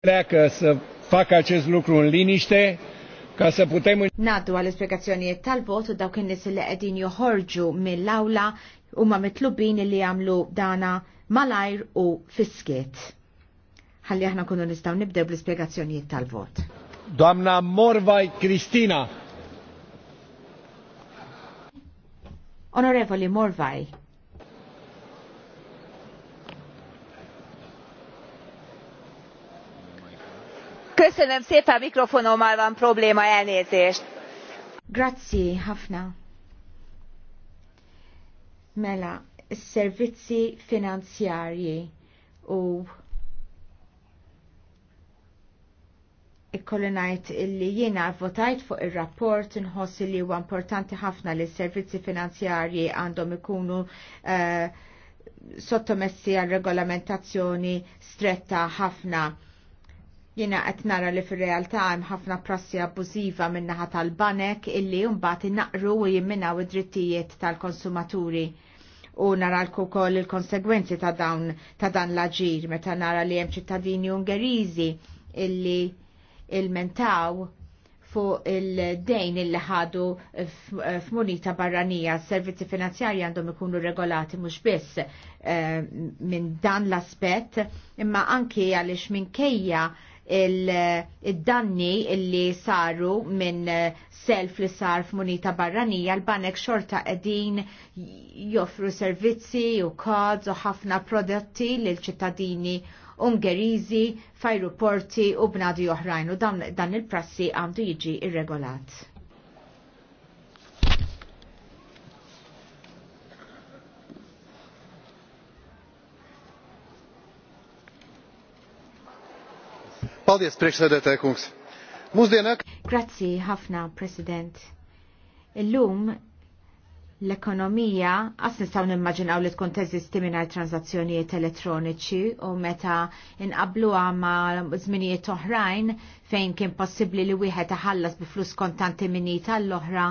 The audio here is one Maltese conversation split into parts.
pleacă să facă acest lucru în liniște ca să putem... Naddu għal-esplikazzjonijiet tal-vot u dawk in-nies li qegħdin joħorġu mill-awla huma mitlubin li jagħmlu dana malajr u fiskiet. Ħalli aħna kunu nistgħu nibdew bl-ispjegazzjonijiet tal-vot. Damna Morvaj Kristina. Onorevoli Morvaj, Köszönöm szépen, mikrofonommal van probléma, elnézést. Grazzi, ħafna. Mela, servizzi finanzjarji u ikkolli illi jiena votajt fuq ir-rapport inħoss li huwa importanti ħafna li s-servizzi finanzjarji għandhom ikunu uh, sottomessi għal regolamentazzjoni stretta ħafna jina qed nara li fir-realtà hemm ħafna prassi abbużiva min-naħa tal-banek illi mbagħad innaqru u jimminaw id-drittijiet tal-konsumaturi u naralku kol il-konsegwenzi ta' dawn ta' dan l-aġir meta nara li hemm ċittadini Ungeriżi illi il-mentaw fuq il-dejn illi ħadu f'munita barranija, servizzi finanzjarji għandhom ikunu regolati mhux biss eh, minn dan l-aspett, imma anki għaliex minkejja il-danni li saru minn self li sar f'munita barranija l-banek xorta edin joffru servizzi u kods u ħafna prodotti lil ċittadini Ungerizi f'ajruporti u bnadi oħrajn u dan, dan il-prassi għandu jiġi irregolat. Paldies, preċedete, kungs. Mūsdienāk. Grazzi, ħafna, president. Illum l-ekonomija għas nistaw nimmaġinaw li tkun teżisti mingħajr transazzjonijiet elettroniċi u meta inqablu ma' żminijiet oħrajn fejn kien possibbli li wieħed iħallas bi flus kontanti minni tal-oħra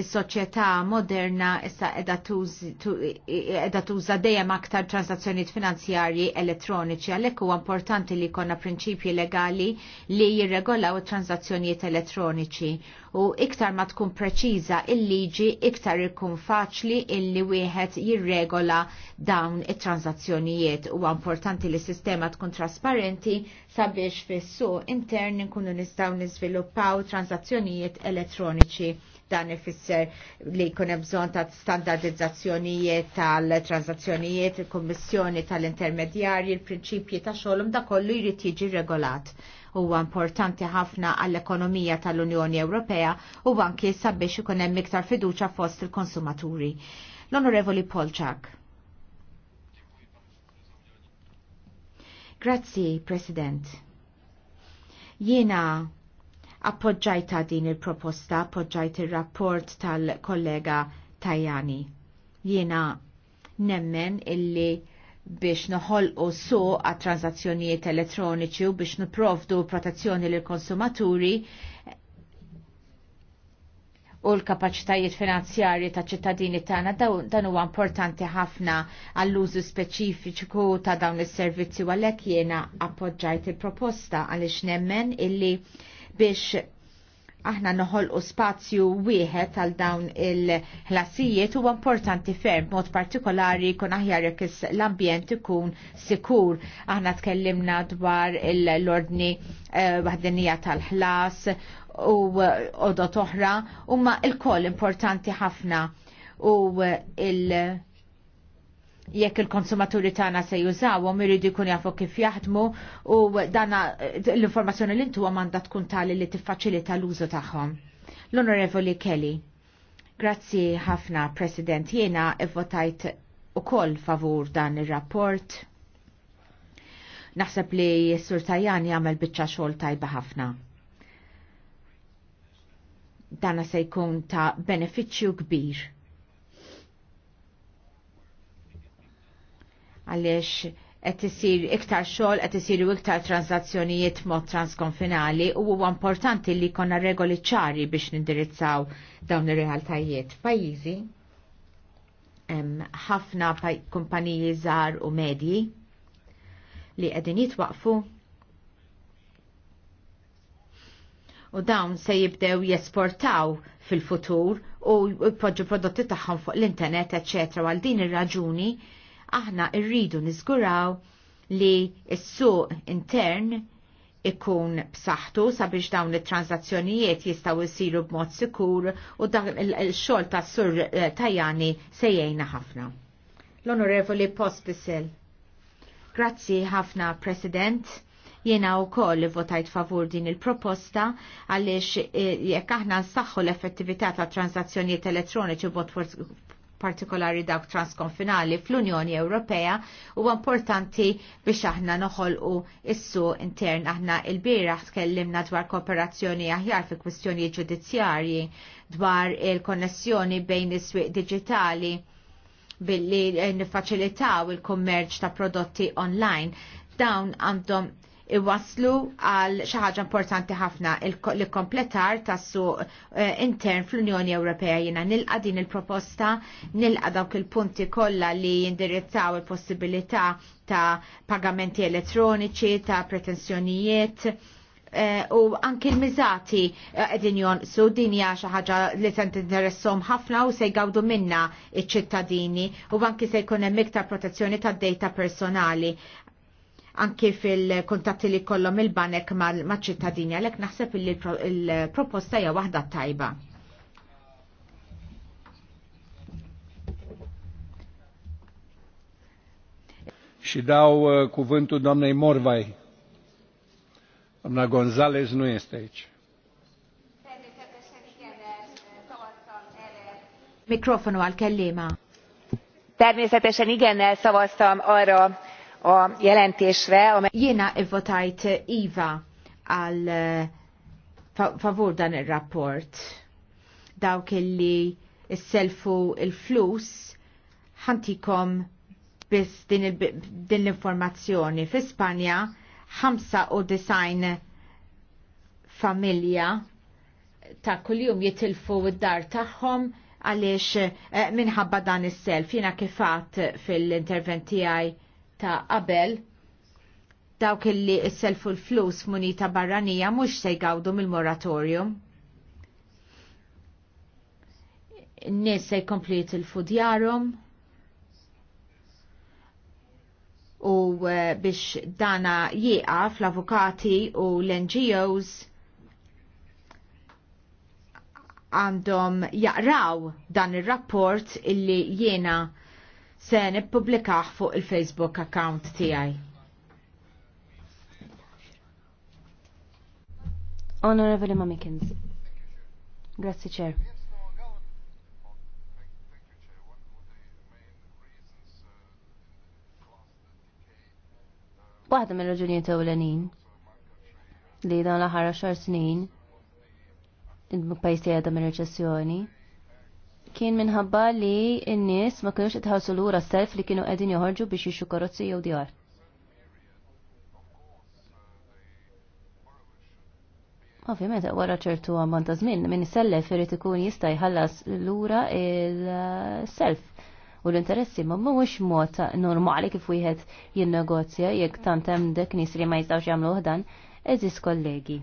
Is-soċjetà moderna issa qiegħda tuża dejjem aktar transazzjonijiet finanzjarji elettroniċi għalhekk huwa importanti li jkollna prinċipji legali li jirregolaw it-transazzjonijiet elettroniċi u iktar ma tkun preċiża il-liġi iktar ikun faċli illi wieħed jirregola dawn it-transazzjonijiet Huwa importanti li sistema tkun trasparenti sabiex fis-suq intern nkunu nistgħu niżviluppaw transazzjonijiet elettroniċi dan ifisser li jkun hemm bżonn ta' standardizzazzjonijiet tal-transazzjonijiet, il-kummissjoni tal-intermedjarji, il-prinċipji ta' xogħolhom um, da kollu jrid jiġi regolat. Huwa importanti ħafna għall-ekonomija tal-Unjoni Ewropea u anke sabiex ikun hemm iktar fiduċja fost il-konsumaturi. L-Onorevoli Polczak. Grazzi, President. Jiena appoġġajta din il-proposta, appoġġajt il-rapport tal-kollega Tajani. Jiena nemmen illi biex noħolqu su għat transazzjonijiet elettroniċi u biex niprovdu protezzjoni l konsumaturi u l-kapacitajiet finanzjarji ta' ċittadini tagħna dan huwa importanti ħafna għall-użu speċifiku ta' dawn is-servizzi u għalhekk jiena appoġġajt il-proposta għaliex nemmen illi biex aħna noħol u spazju wieħed għal dawn il-ħlasijiet huwa importanti ferm mod partikolari kun aħjar jekk l-ambjent ikun sikur. Aħna tkellimna dwar l-ordni eh, waħdinija tal-ħlas u eh, odot oħra huma il-koll importanti ħafna u eh, il- jekk il-konsumaturi tagħna se jużawhom iridu jkun jafu kif jaħdmu u dana l-informazzjoni li intuhom għandha tkun tali li tiffaċilita l-użu tagħhom. L-Onorevoli Kelly. Grazzi ħafna, President. Jiena votajt ukoll favur dan ir-rapport. Naħseb li s-Sur Tajani għamel biċċa xogħol tajba ħafna dana se jkun ta' beneficju kbir għaliex qed isir iktar xogħol qed isiru iktar transazzjonijiet mod transkonfinali u huwa importanti li jkollna regoli ċari biex nindirizzaw dawn ir-realtajiet. Pajjiżi ħafna kumpaniji żgħar u medji li qegħdin jitwaqfu u dawn se jibdew jesportaw fil-futur u jpoġġu prodotti tagħhom fuq l-internet, eċċetra, għal din ir-raġuni aħna rridu niżguraw li s-suq intern ikun b'saħħtu sabiex dawn it-transazzjonijiet jistgħu jsiru b'mod sikur u dak il-xogħol tas sur eh, Tajani se jgħinna ħafna. L-Onorevoli Pospisil. Grazzi ħafna, President. Jiena u koll votajt favur din il-proposta għaliex eh, jekk aħna nsaħħu l-effettività ta' transazzjonijiet elettroniċi bot partikolari dawk transkonfinali fl-Unjoni Ewropea huwa importanti biex aħna noħolqu issu intern aħna il bira tkellimna dwar kooperazzjoni aħjar fi kwistjoni ġudizzjarji dwar il-konnessjoni bejn is-swieq digitali billi nifaċilitaw il-kummerċ ta' prodotti online dawn għandhom iwaslu għal xi ħaġa importanti ħafna li kompletar tas-suq eh, intern fl-Unjoni Ewropea jina nilqa' din il-proposta, nilqa' dawk il-punti kollha li jindirizzaw il-possibilità ta' pagamenti elettroniċi, ta' pretensjonijiet eh, u anki l-miżati eh, qegħdin jonqsu din hija xi ħaġa li se interessom ħafna u se jgawdu minna iċ-ċittadini u anki se jkun hemm iktar protezzjoni tad-dejta personali anke fil-kontatti li kollom il-banek ma' ċittadini għalek naħseb il-proposta hija wahda tajba. Și dau uh, cuvântul doamnei Morvai. Doamna Gonzalez nu este Mikrofonu għal-kellima. Természetesen igennel szavaztam arra a jelentésre. Amely... Jena votajt Iva għal eh, favur dan il-rapport. Dawk illi s-selfu il-flus ħantikom biss din l-informazzjoni. Fi Spanja design familja ta' kuljum jitilfu id-dar tagħhom għaliex eh, minħabba dan is-self. Jiena kifat fil-intervent tiegħi ta' qabel dawk illi isselfu l-flus f'munita barranija mhux se jgawdu mill-moratorium. N-nies se jkompli jitilfu djarhom u eh, biex dana jieqa fl avukati u l-NGOs għandhom jaqraw dan ir-rapport illi jiena se nippublikaħ fuq il-Facebook account tiegħi. Honorable Mamikins. Grazzi ċer. Waħda mill-raġunijiet ewlenin li dan l-ħara xar snin id pajis tiegħda minn reċessjoni kien minħabba li n-nies ma kienux itħassu lura self li kienu qegħdin joħorġu biex jixxu karozzi jew djar. Ovvijament, wara ċertu għamman ta' żmien min sellef irid ikun jista' jħallas lura il-self u l-interessi ma mhuwiex mod normali kif wieħed jinnegozja jekk tant hemm dek nisri ma jistgħux jagħmlu dan eżis kollegi.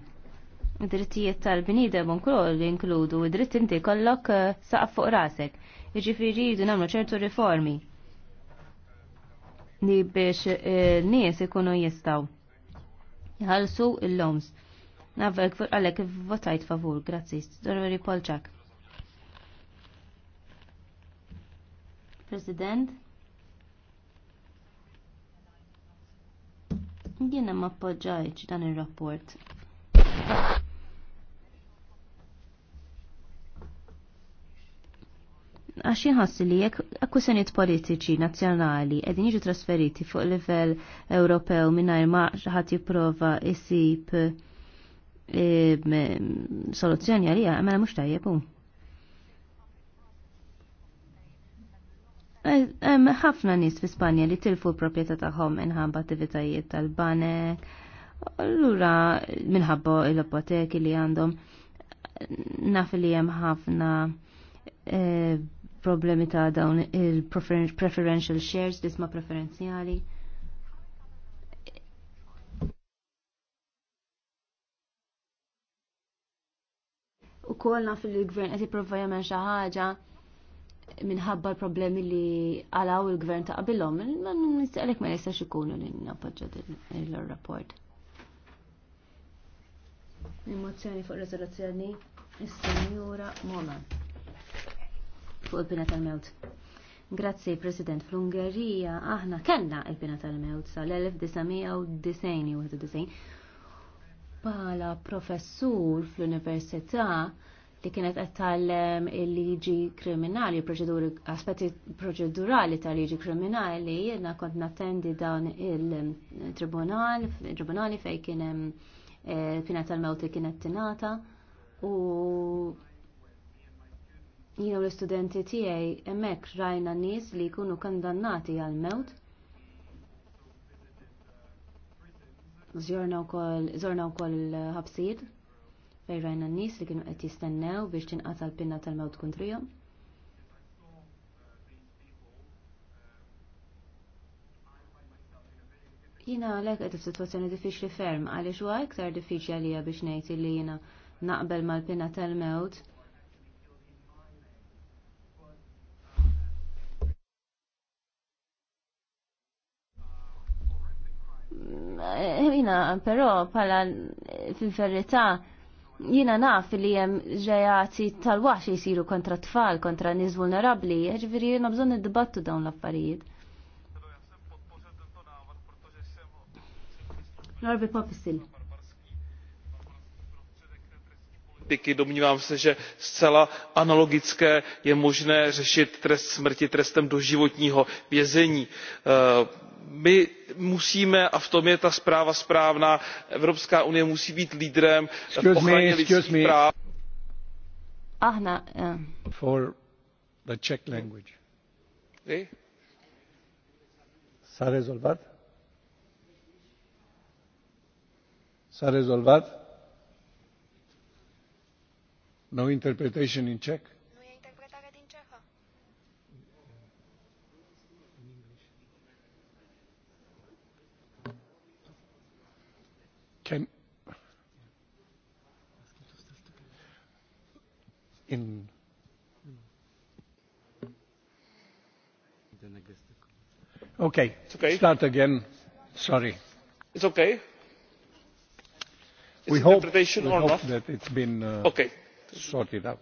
Id-drittijiet tal-bnidem ukoll inkludu id-dritt inti kollok eh, saqaf fuq rasek. Jiġifieri jridu nagħmlu ċertu riformi li biex eh, nies ikunu jistgħu jħallsu l-loms. Navvek fuq għalek votajt favur, grazzi. Dorveri Polċak. President. Jiena ma appoġġajċ dan ir rapport għax ħassi li jekk akkusenit politiċi nazzjonali qegħdin jiġu trasferiti fuq livell Ewropew mingħajr ma ħadd jipprova jsib e, soluzzjoni għalija għamela mhux tajjeb hu. E, ħafna nies fi Spanja li tilfu l-proprjetà tagħhom inħabba attivitajiet tal-banek, allura minħabba l-apoteki li għandhom naf li hemm ħafna e, problemi ta' dawn il-preferential shares, disma preferenzjali. U kolna fil-gvern għet jiprofa jamen xaħġa minħabba l-problemi li għalaw il-gvern ta' qabilhom, nistaqlek ma jistax ikunu li nappoġġa l-rapport. Emozzjoni fuq rezoluzzjoni is-Sinjura Moment fuq il-pina tal-mewt. Grazzi, President, fl-Ungerija aħna kellna il-pina tal-mewt sal-1991 bħala professur fl-Università li kienet qed tallem il-liġi kriminali, proċeduri, aspetti proċedurali tal liġi kriminali, jiena kont nattendi dan il-tribunal, tribunali fej kien hemm pina eh, tal-mewt li kienet tinata. u Jien u l-istudenti tiegħi hemmhekk rajna nies li jkunu kandannati għal mewt. Żjorna wkoll żorna wkoll ħabsijiet fejn rajna n-nies li kienu qed jistennew biex tinqata' l-pinna tal-mewt kontrihom. Jina għalek għed f-situazzjoni diffiċli ferm, għalix huwa iktar diffiċli għalija biex ngħid li jina naqbel mal pinna tal-mewt però pala fil-verità jina naf li jem ġejati tal-wax jisiru kontra tfal, kontra nis vulnerabli, ġviri jina bżon id-dibattu dawn l-affarijiet. Norbi Popisil. politiky domnívám se že zcela analogicky je možné řešit trest smrti trestem doživotního vězení. Eh, my musíme a v tom je ta zpráva správná evropská unie musí být lídrem v ochraně lidských práv ah, No interpretation in Czech? E Can in Okay, It's okay. start again. Sorry. It's okay. It's we hope, we hope not. that it's been uh, okay sort it out.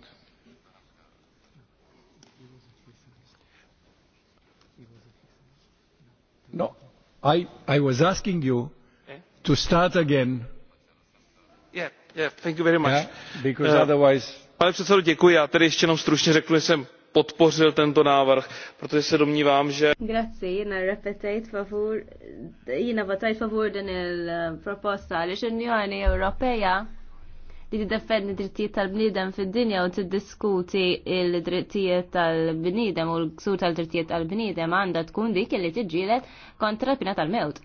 No, I, I was asking you eh? to start again. Yeah, yeah, thank you very much. Yeah, because uh, otherwise... Pane předsedo, děkuji. Já tady ještě jenom stručně řeknu, že jsem podpořil tento návrh, protože se domnívám, že... Grazie, jina repetejt favor, jina votajt favor den il-proposta, ale že xinjoni Ewropeja li t-defendi drittijiet tal-bniedem fid-dinja u tiddiskuti il-drittijiet tal-bniedem u l-ksur tal-drittijiet tal-bniedem għandha tkun dik li t-ġilet kontra l-pina tal-mewt.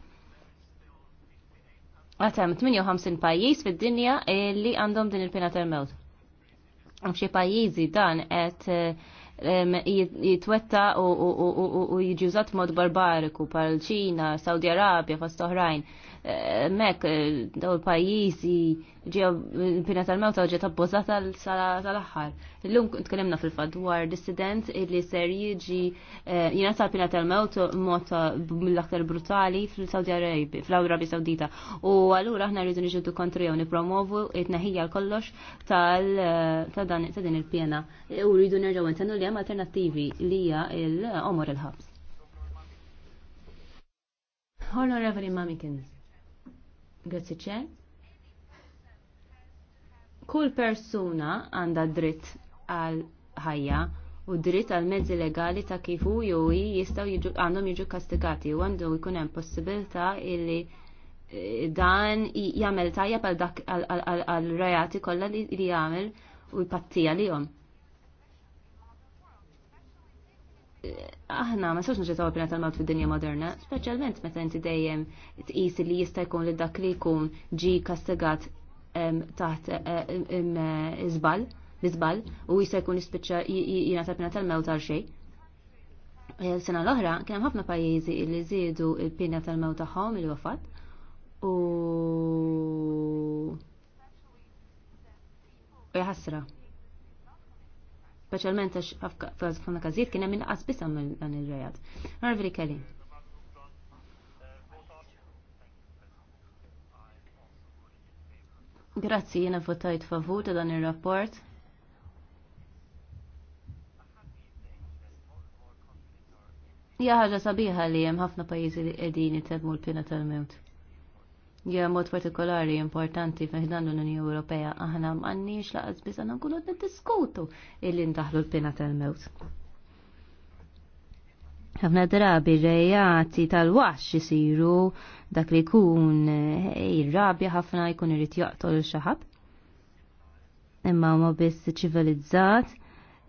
Għatem 58 pajjiż fid-dinja li għandhom din il-pina tal-mewt. Mxie pajizi dan għet jitwetta u jiġi użat mod barbariku pal ċina, Saudi Arabja, fost oħrajn mek eh, daw il-pajjiżi ġew il-pina tal-mewta ġiet abbużata tal-aħħar. Illum tkellimna fil-fatt dwar dissident li ser jiġi eh, jingħata pina tal mewta mod mill-aktar brutali fil saudi Arabi, fl-Arabi Sawdita. U allura aħna rridu niġu kontri jew nipromovu it-naħija kollox tal eh, din il-pjena. U rridu nerġgħu intennu li hemm alternattivi li hija l-omor il-ħabs. Honorable Mamikins. Grazzi ċe. Kull persuna għandha dritt għal ħajja u dritt għal mezzi legali ta' kifu jew jistgħu għandhom jiġu kastigati u għandu jkun hemm possibilità illi eh, dan jagħmel tajja għal dak għal rajati kollha li jagħmel u jpattija lihom. aħna ma sewx nġetaw pina tal-mawt fid-dinja moderna, speċjalment meta inti dejjem tqisi li jista' jkun li dak li jkun ġi kastigat taħt eh, eh, iżbal, biżbal, u jista' jkun jispiċċa jingħata pina tal-mewt għal xejn. Eh, sena l-oħra kien hemm ħafna pajjiżi li żiedu l-pina tal-mewt tagħhom il-wafat u jħassra specialment għax f'ħafna każijiet kien hemm inqas biss minn dan il rejat Kelly. Grazzi, jiena votajt favur ta' dan ir-rapport. Ja ħaġa sabiħa li hemm ħafna pajjiżi li qegħdin jitebmu l-pina tal-mewt. Ja, mod partikolari importanti fiħdan l-Unjoni Ewropea aħna m'għandniex laqas biss għandna nkunu qed niddiskutu illi ndaħlu l pina tal-mewt. Ħafna drabi rejati tal-wax isiru dak li il eh, irrabja ħafna jkun irid jaqtol xi xaħab. Imma ma biss ċivilizzat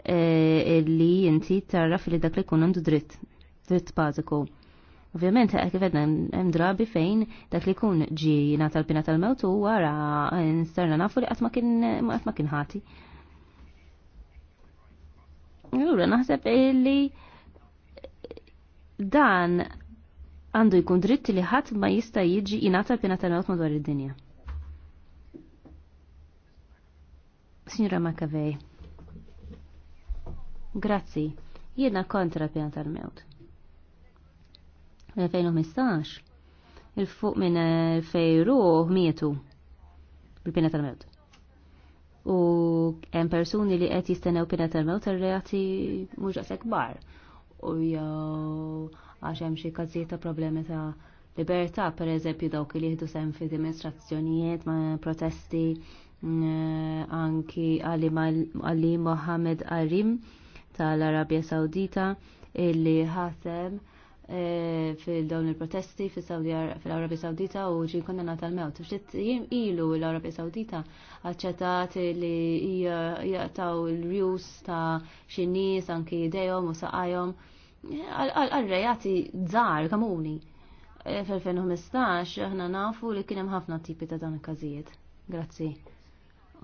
eh, illi inti tarraf li dak li kun għandu dritt, dritt bażiku Ovvjament, eh, kif għedna hemm drabi fejn dak li kun ġi l pina tal-mewt u wara eh, Sterna nafu li eh, qatt ma kien ħati. Allura naħseb li dan għandu jkun dritt li ħadd ma jista' jiġi jingħata l-pina tal-mewt madwar id-dinja. Signora Makavej, grazzi, jiena kontra pina tal-mewt. 2015 il-fuq minn eh, fejru mietu bil-pina tal-mewt. U hemm persuni li qed jistennew pina tal-mewt ir-reati mhux qed kbar. U jew għax hemm xi każijiet ta' problemi ta' libertà, pereżempju dawk li jieħdu sem fi dimostrazzjonijiet ma' protesti mm, anki Ali Mohammed Arim tal-Arabja Sawdita illi ħasem E, fil-dawn il-protesti fil arabi Saudita u ġi konna tal-mewt. Ftit jim ilu l arabi Saudita għacċetat li jgħataw il-rjus ta' xinnis anki idejom u saqajom għal-rejati dzar kamuni. E, fil-2015 aħna nafu li kienem ħafna tipi ta' dan il-kazijiet. Grazzi.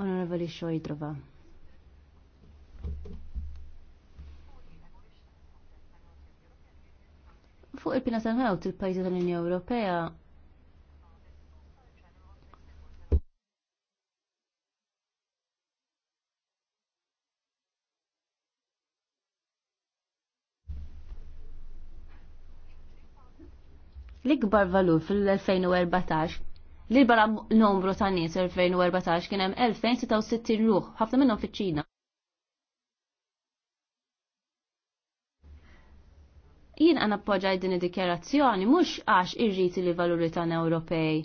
Onorevoli Xojdrova. fuq il-pina tal-mewt il-pajzi tal-Unja Ewropea L-ikbar valur fil-2014 l-ikbar numru ta' nies 2014 kien hemm 2066 ruħ, ħafna minnhom fiċ-Ċina. jien għan appoġaj din id-dikjerazzjoni mhux għax irrid li valuri tagħna Ewropej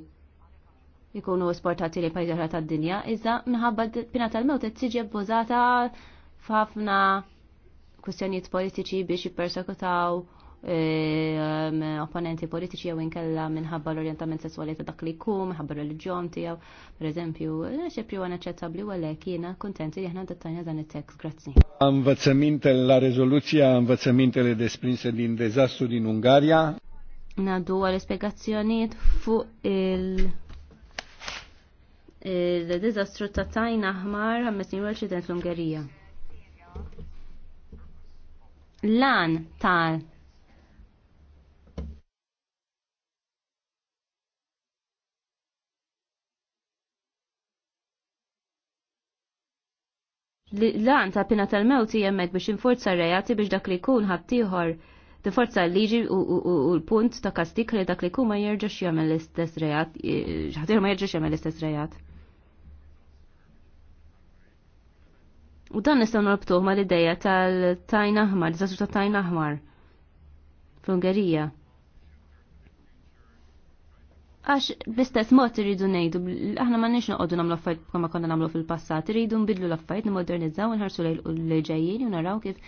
jikunu esportati li pajjiż ta' tad-dinja, iżda minħabba pina tal-mewt qed tiġi abbużata f'ħafna kwistjonijiet politiċi biex jippersekutaw Eh, opponenti politiċi jew inkella minħabba l-orientament sessuali ta' dak li jkun, minħabba reliġjon tiegħu, pereżempju, eh, xepri huwa naċċettabbli u għalhekk jiena kuntenti li aħna dettajna dan it text Grazzi. Anvazzament la riżoluzzja anvazzament li desprinse din deżastru din Ungarja. Nadu għal spiegazzjonijiet fuq il- il-dizastru ta' tajna ħmar għal ċident l-Ungerija. Lan tal l-għan ta' pina tal-mewt jemmek biex inforza r-reati biex dak li kun ħabtiħor tiforza l-liġi u l-punt ta' kastik li dak li kun ma jirġax jagħmel l-istess reat, ħatiħor ma jirġax jagħmel l-istess rejat. U dan nistgħu norbtuh mal ideja tal-tajn aħmar, diżastru ta' tajn aħmar fl-Ungerija. Għax bl-istess mod irridu ngħidu, aħna ma nix noqogħdu nagħmlu affajt bħalma konna nagħmlu fil-passat, irridu nbidlu l-affarijiet, nimmodernizzaw, nħarsu l-ġejjin u naraw kif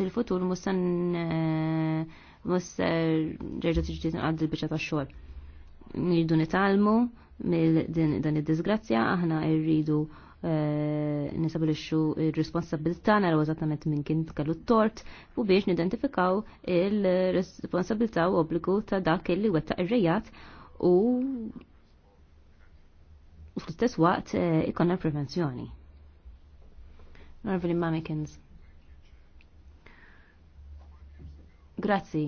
fil-futur mussan mussan ġerġa tiġi għad l-bicċa ta' xogħol. Nridu nitalmu mill dan id-disgrazzja, aħna rridu Eh, nisabilixxu ir-responsabilità naraw eżattament minn kien kellu t-tort u biex nidentifikaw il responsabilta u obbligu ta' dak li wettaq il rejat u u fl-istess waqt eh, ikonna prevenzjoni. Norvili Mamikins. Grazzi.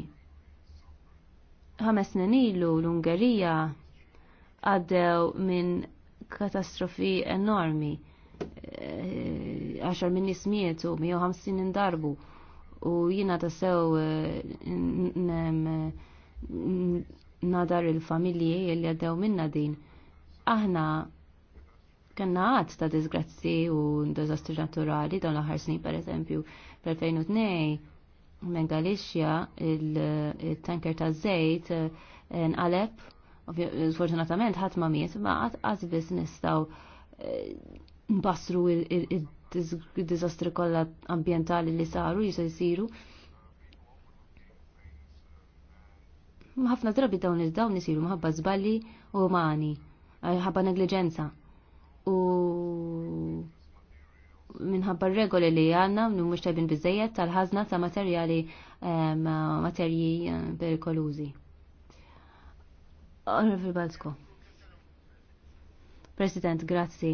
Ħames snin ilu l-Ungerija għaddew minn katastrofi enormi. Eh, għaxar minn nismietu, u 150 indarbu u jina tassew eh, nadar il-familji li għaddew minna din. Aħna kanna għad ta' disgrazzi u dizastri naturali dawn l-aħħar snin per eżempju fl-2002 minn il-tanker ta' zejt eh, nqaleb Fortunatament ħadd ma miet ma qatt biss nistgħu eh, nbassru il-diżastri kollha ambjentali li saru jisa jsiru. ħafna drabi dawn il-dawn isiru maħabba żballi u umani, eh, ħabba negligenza. U minħabba regoli li għanna, mux tabin bizzejiet tal-ħazna ta' materjali eh, materji perikolużi. Arrivederci. President, grazzi.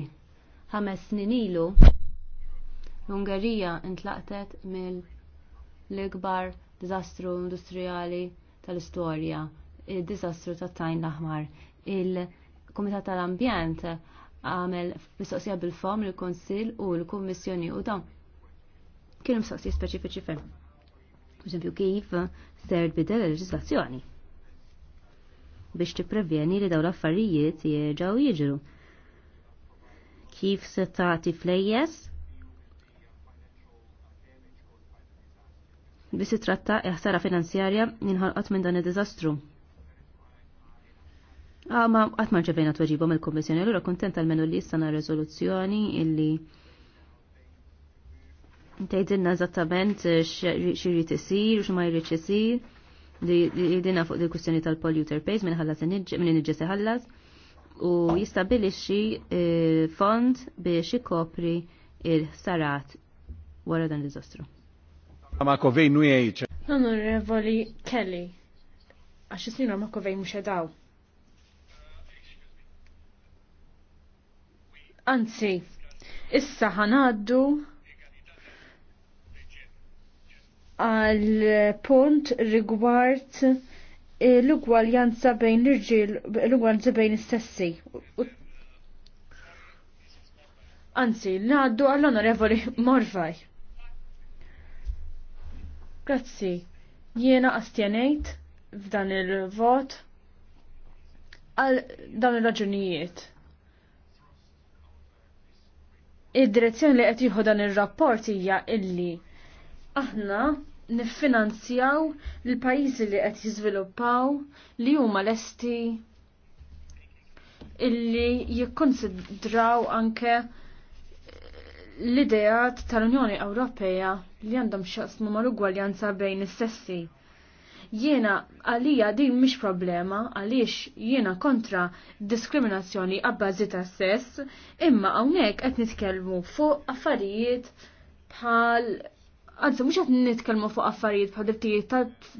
Ħames snin ilu l-Ungerija intlaqtet mill-ikbar diżastru industrijali tal-istorja, il-diżastru tat-tajn l-aħmar. Il-Komitat tal-Ambjent għamel mistoqsija bil-fom l-Konsil u l-Kommissjoni u dan kienu mistoqsija speċifiċi fil. Uġempju, kif ser bidel il-leġislazzjoni biex tipprevjeni li dawn l-affarijiet jerġgħu jiġru. Kif se tagħti flejjes? Biex tratta ħsara finanzjarja inħolqot minn dan id-diżastru. Ah, ma qatt ma ġevejna tweġibhom il-Kummissjoni, allura kuntent għalmenu li issa na riżoluzzjoni illi Tgħidilna eżattament eh, xirrit isir u x'ma jridx isir li dina fuq il kustjoni tal-polluter pays minn ħallas minn inġi ħallas u jistabilixxi e, fond biex ikopri il-sarat wara dan l dizastru Ma kovej nu jgħid. E Onorevoli Kelly, għax is-snin ma kovej mhux edaw. Anzi, issa ħanaddu għal punt rigward eh, l-ugwaljanza bejn l-irġiel, l-ugwaljanza bejn istessi. Anzi, naddu għall-onorevoli Morvaj. Grazzi, jiena astjenejt f'dan il-vot għal dan il-raġunijiet. Id-direzzjoni li qed jieħu dan ir-rapport hija illi aħna niffinanzjaw l-pajjiżi li qed jiżviluppaw li huma lesti illi jikkonsidraw anke l-ideat tal-Unjoni Ewropea li għandhom xaqsmu mal-ugwaljanza bejn is-sessi. Jiena għalija din mhix problema għaliex jiena kontra diskriminazzjoni għabbażi ta' sess, imma hawnhekk qed nitkellmu fuq affarijiet bħal Għanzi, mhux qed nitkellmu fuq affarijiet bħal drittijiet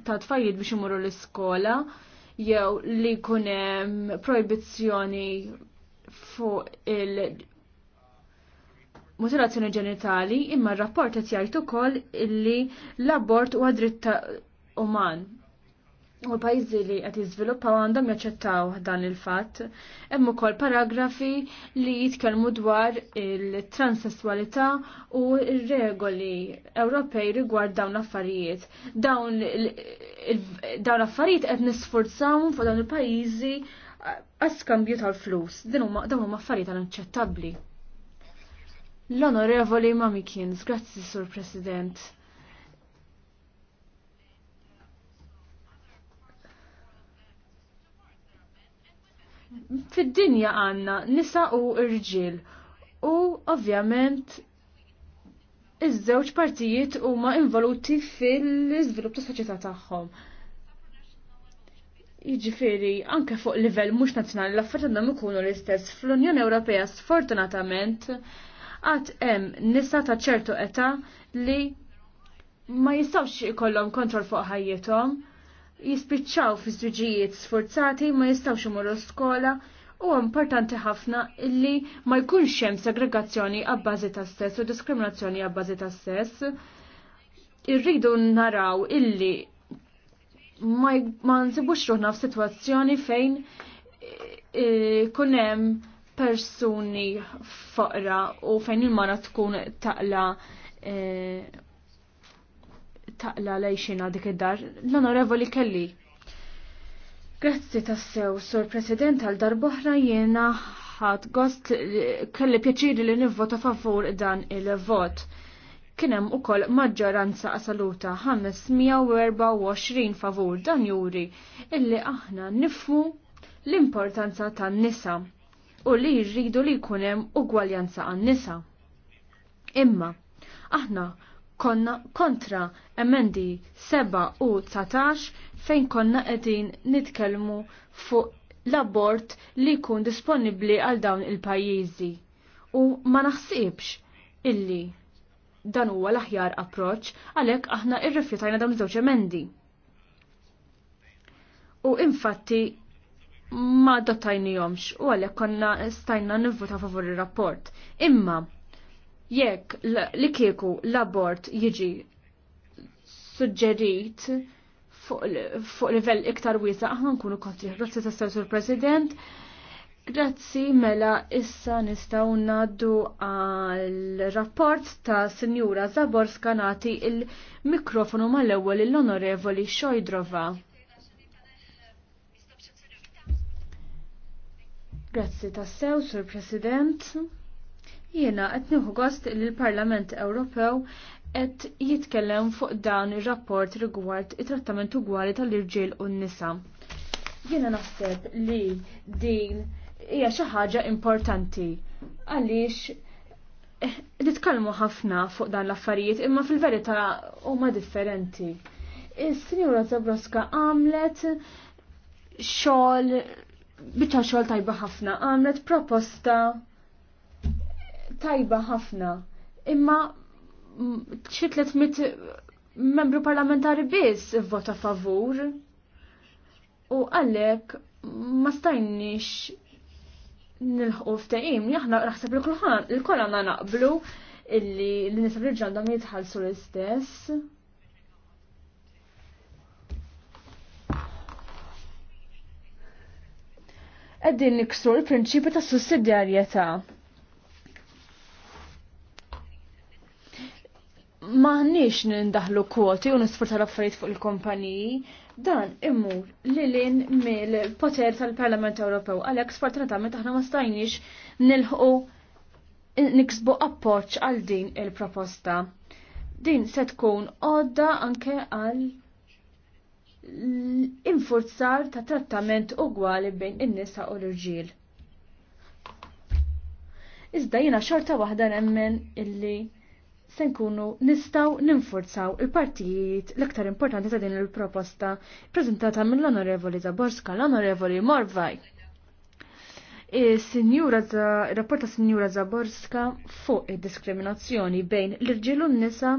ta' tfajjiet biex imorru l-iskola, jew li jkun hemm proibizzjoni fuq il- mutilazzjoni ġenitali, imma r-rapport qed jgħid ukoll illi l-abort huwa dritt ta uman U l-pajjiżi li qed jiżviluppaw għandhom jaċċettaw dan il-fatt. Hemm ukoll paragrafi li jitkellmu dwar il-transessualità u r-regoli Ewropej rigward dawn l-affarijiet. Dawn l-affarijiet qed nisforzaw fuq dawn il-pajjiżi eh, għaskambju tal-flus. Din huma dawn huma affarijiet inaċċettabbli. L-Onorevoli Mamikins, grazzi Sur President. fid-dinja għanna nisa u irġiel u ovvjament iż-żewġ partijiet huma involuti fil-iżvilupp ta' soċjetà tagħhom. Jiġifieri anke fuq livell mhux nazzjonali l-affarijiet għandhom ikunu l-istess. Fl-Unjoni Ewropea sfortunatament għad hemm nisa ta' ċertu età li ma jistgħux ikollhom kontroll fuq ħajjithom jispiċċaw fi striġijiet sforzati ma jistawx imorru skola u importanti ħafna illi ma jkunx hemm segregazzjoni għabbażi ta' stess u diskriminazzjoni għabbażi ta' stess. Irridu naraw illi ma, nsibux ruħna f'sitwazzjoni fejn e, kun hemm persuni foqra u fejn il-mara tkun taqla e, taqla lejxina dik id-dar, l-onorevoli Kelli. Grazzi tassew, Sur President, għal darboħra jiena ħad gost kelli pjaċiri li nivvota favur dan il-vot. Kien hemm ukoll maġġoranza assoluta 524 favur dan juri illi aħna nifmu l-importanza tan-nisa u li jridu li jkun hemm ugwaljanza għan-nisa. Imma aħna konna kontra emendi 7 u 19 fejn konna qegħdin nitkellmu fuq l-abort li jkun disponibbli għal dawn il-pajjiżi. U ma naħsibx illi dan huwa l-aħjar approċ għalhekk aħna irrifjutajna dawn żewġ emendi. U infatti ma dottajnijomx u għalhekk konna stajna nivvuta favur ir-rapport. Imma jekk li kieku l-abort jiġi suġġerit fuq livell iktar wisa aħna nkunu kontri. Grazzi ta' sew President. Grazzi mela issa nistgħu ngħaddu għal rapport ta' Sinjura Zaborska nagħti il-mikrofonu mal-ewwel l-Onorevoli Xojdrova. Grazzi ta' sew, Sur President. Jiena qed nieħu gost li l-Parlament Ewropew qed jitkellem fuq dan ir-rapport rigward it-trattament ugwali tal-irġiel u n-nisa. Jiena naħseb li din hija xi ħaġa importanti għaliex eh, nitkellmu ħafna fuq dan l-affarijiet imma fil-verità huma differenti. Is-Sinjura Zabroska għamlet xogħol biċċa xogħol tajba ħafna, għamlet proposta tajba ħafna. Imma xi 300 membru parlamentari biss vota favur. U għalhekk ma stajniex nilħqu f'taqim, aħna raħseb li kulħan, il-kol għandna naqblu illi li nisab li ġandam jitħallsu l-istess. Għeddin niksur l-prinċipi ta' sussidjarjetà. maħniex nindahlu kwoti u nisfurta l-affarijiet fuq il-kompaniji, dan immur li mill-poter tal-Parlament Ewropew. Għalhekk sfortunatament aħna ma stajniex nilħu niksbu appoġġ għal din il-proposta. Din se tkun għodda anke għal infurzar ta' trattament ugwali bejn in-nisa u l-irġiel. Iżda jiena xorta waħda nemmen illi se nkunu nistaw ninforzaw il-partijiet l-aktar importanti ta' din il-proposta prezentata mill-Onorevoli Zaborska, l-Onorevoli Morvaj. E, Sinjura rapport ta' Sinjura Zaborska fuq id-diskriminazzjoni bejn l irġilu n-nisa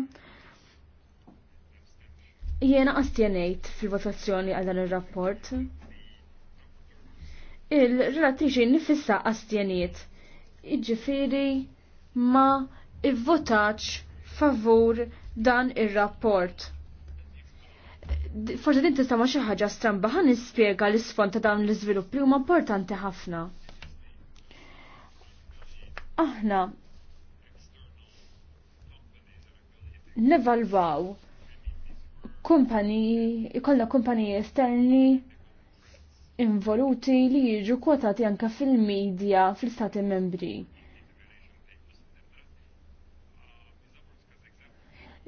jiena astjenejt fil-votazzjoni għal dan ir-rapport. Il-relatiġi nifissa astjenejt iġifiri ma' ivvotax favur dan ir-rapport. Forse din tista' ma xi ħaġa stramba ħa nispjega l-isfond ta' dawn l-iżviluppi huma importanti ħafna. Aħna nevalwaw kumpaniji, ikollna kumpaniji esterni involuti li jiġu kwotati anka fil-medja fl stati membri.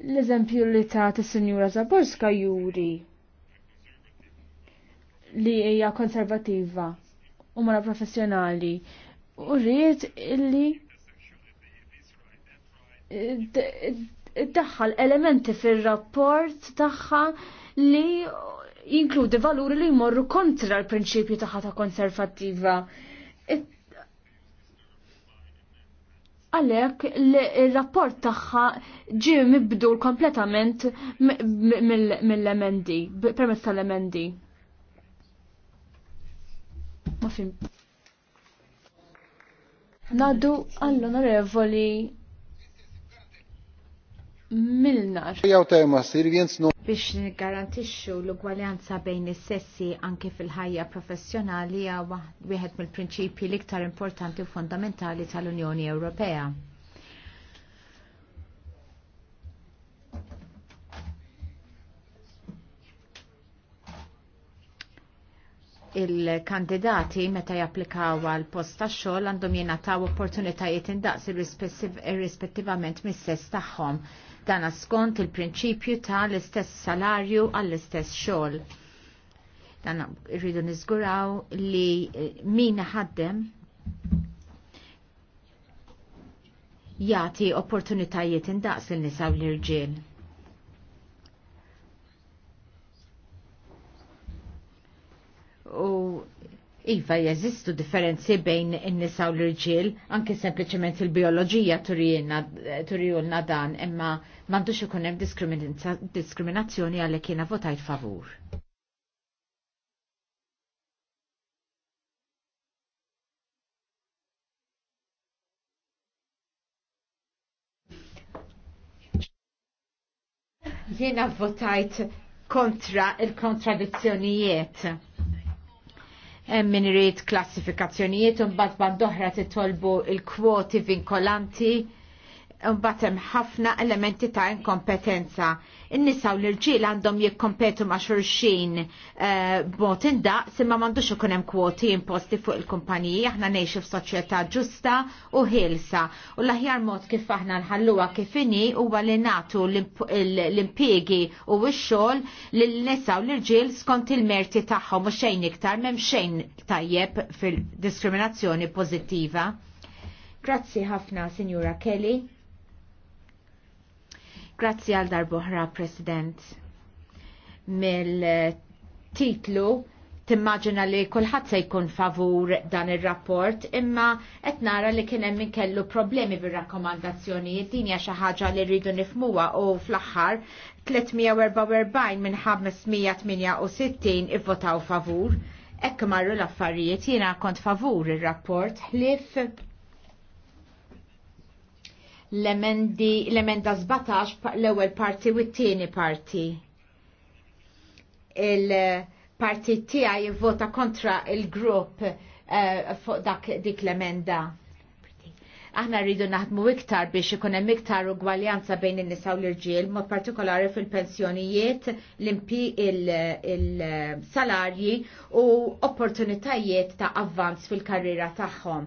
L-eżempju li ta' t-Sinjura Zaborska juri li hija konservativa u mara professjonali u rrit illi eh, daħħal elementi fil-rapport tagħha li jinkludi valuri li jmorru kontra l-prinċipju tagħha ta' konservattiva għalek l rapport tagħha ġi mibdur kompletament mill-emendi, permezz tal-emendi. Ma fim. Nadu għall-onorevoli Milnar. Jaw tema sir, no biex garantixxu l-ugwaljanza bejn is-sessi anke fil-ħajja professjonali hija wieħed mill-prinċipji l-iktar importanti u fondamentali tal-Unjoni Ewropea. il-kandidati meta japplikaw għal post ta' xogħol għandhom jingħataw opportunitajiet indaqs irrispettivament mis-sess tagħhom dan skont il-prinċipju ta' l-istess salarju għall-istess xogħol. Dan irridu niżguraw li eh, min ħaddem jagħti opportunitajiet indaqs lil nisa u l-irġiel. U Iva jeżistu differenzi bejn in-nisa u l-irġiel, anke sempliċement il-bioloġija turijulna dan, imma m'għandux ikun hemm diskriminazzjoni għalhekk kiena votajt favur. Jiena votajt kontra il-kontradizzjonijiet min irid klassifikazzjonijiet un mbagħad bandoħra titolbu il-kwoti vinkolanti Batem ħafna elementi ta' inkompetenza. In-nisa u l-irġiel għandhom jikkompetu ma' xurxin eh, b'mod indaq simma m'għandux ikun hemm kwoti imposti fuq il-kumpaniji aħna ngħixu f'soċjetà ġusta u ħilsa. U l-aħjar mod kif aħna nħalluha kif inhi huwa li nagħtu l-impjiegi u x-xogħol lin-nisa u l-irġiel skont il-merti tagħhom u xejn iktar m'hemm xejn tajjeb fil-diskriminazzjoni pożittiva. Grazzi ħafna, Sinjura Kelly. Grazzi għal darboħra, President. Mill-titlu timmaġina li kulħadd se jkun favur dan ir-rapport imma qed nara li kien hemm kellu problemi bir-rakkomandazzjonijiet din hija xi ħaġa li rridu nifmuha u fl-aħħar 344 minn 568 ivvotaw favur. Ekk marru l-affarijiet jiena kont favur ir-rapport ħlif l-emenda 17 l-ewwel parti u t-tieni parti. Il-parti tiegħi jivvota kontra il-grupp eh, fuq dak dik l-emenda aħna rridu naħdmu iktar biex ikun hemm iktar ugwaljanza bejn in-nisa u l-irġiel, mod partikolari fil-pensjonijiet, l-impi il-salarji u opportunitajiet ta' avvanz fil-karriera tagħhom.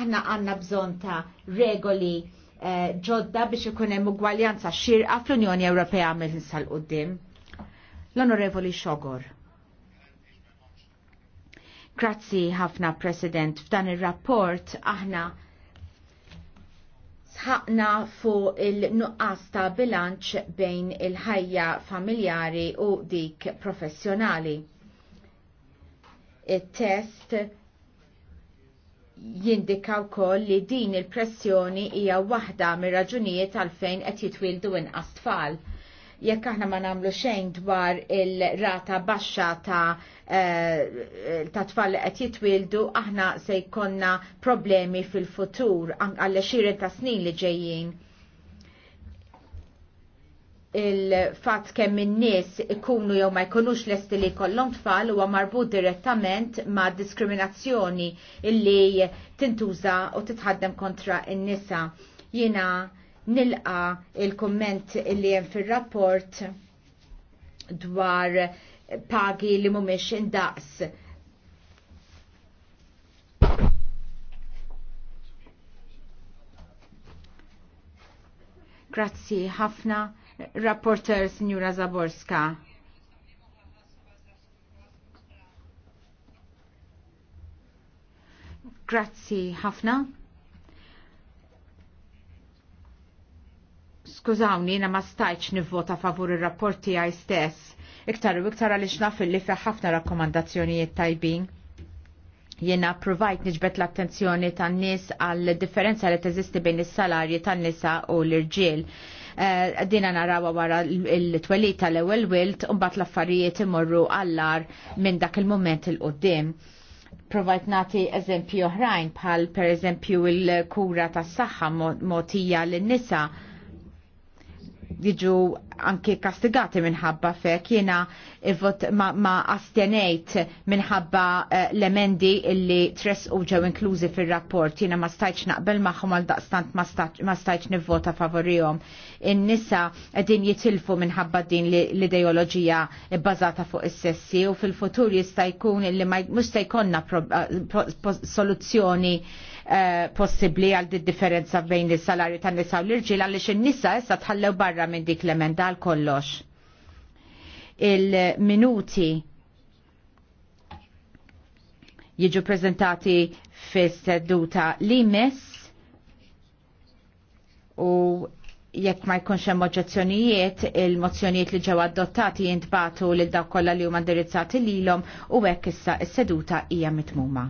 Aħna għandna bżonn ta' regoli ġodda biex ikun hemm ugwaljanza xirqa fl-Unjoni Ewropea minn sal qudiem L-Onorevoli Xogor. Grazzi ħafna President f'dan ir-rapport aħna sħaqna fuq il-nuqqas ta' bilanċ bejn il-ħajja familjari u dik professjonali. It-test il jindika wkoll li din il-pressjoni hija waħda mir-raġunijiet għalfejn qed jitwildu inqas tfal. Jekk aħna ma nagħmlu xejn dwar il-rata baxxa ta' eh, ta' tfal qed jitwildu, aħna se jkollna problemi fil-futur għall xiren ta' snin li ġejjin il-fat kemm in-nies ikunu jew ma jkunux lesti li jkollhom tfal huwa marbut direttament ma' diskriminazzjoni illi tintuża u titħaddem kontra n-nisa. Jiena nilqa il-komment illi hemm fir-rapport dwar pagi li mhumiex indaqs. Grazzi ħafna Rapporter Signora Zaborska. Grazzi ħafna. Skużawni, jena ma stajċ nivvota favur il-rapporti għaj stess. Iktar u iktar għalix naf li fi ħafna rakkomandazzjonijiet tajbin. Jena provajt nġbet l-attenzjoni tan-nies għal differenza li teżisti bejn is-salarji tan-nisa u l-irġiel. Eh, dina narawa wara l twelita tal-ewwel wilt u mbagħad l-affarijiet imorru għallar minn dak il-moment il-qoddim. Provajt nati eżempju oħrajn bħal per eżempju il-kura tas-saħħa motija lin-nisa jiġu anki kastigati minħabba fek jena ma, ma astenejt minħabba uh, l-emendi illi tres uġew inklużi fil-rapport jena ma stajċ naqbel maħum għal daqstant ma stajċ nivvota favorijom in-nisa din jitilfu minħabba din l-ideologija bazata fuq is-sessi u fil-futur jista' jkun illi ma jkonna eh, soluzzjoni uh, Eh, possibbli għal di differenza bejn is-salarju tan-nisa u l-irġiel għaliex in-nisa issa tħallew barra minn dik l-emenda għal kollox. Il-minuti jiġu prezentati fis-seduta li miss u jekk ma jkunx hemm oġġezzjonijiet, il-mozzjonijiet li ġew adottati jintbatu lil dawk kollha li huma indirizzati lilhom u hekk issa s-seduta hija mitmuma.